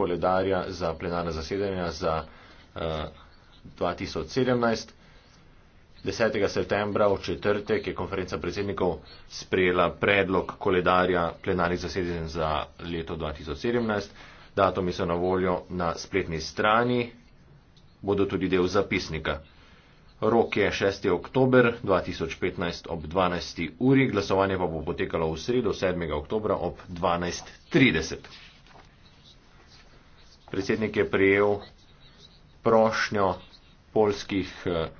koledarja za plenarne zasedanja za uh, 2017. 10. septembra v četrtek je konferenca predsednikov sprejela predlog koledarja plenarnih zasedanj za leto 2017. Datumi so na voljo na spletni strani, bodo tudi del zapisnika. Rok je 6. oktober 2015 ob 12. uri, glasovanje pa bo potekalo v sredo 7. oktober ob 12.30 predsednik je prijel prošnjo polskih eh,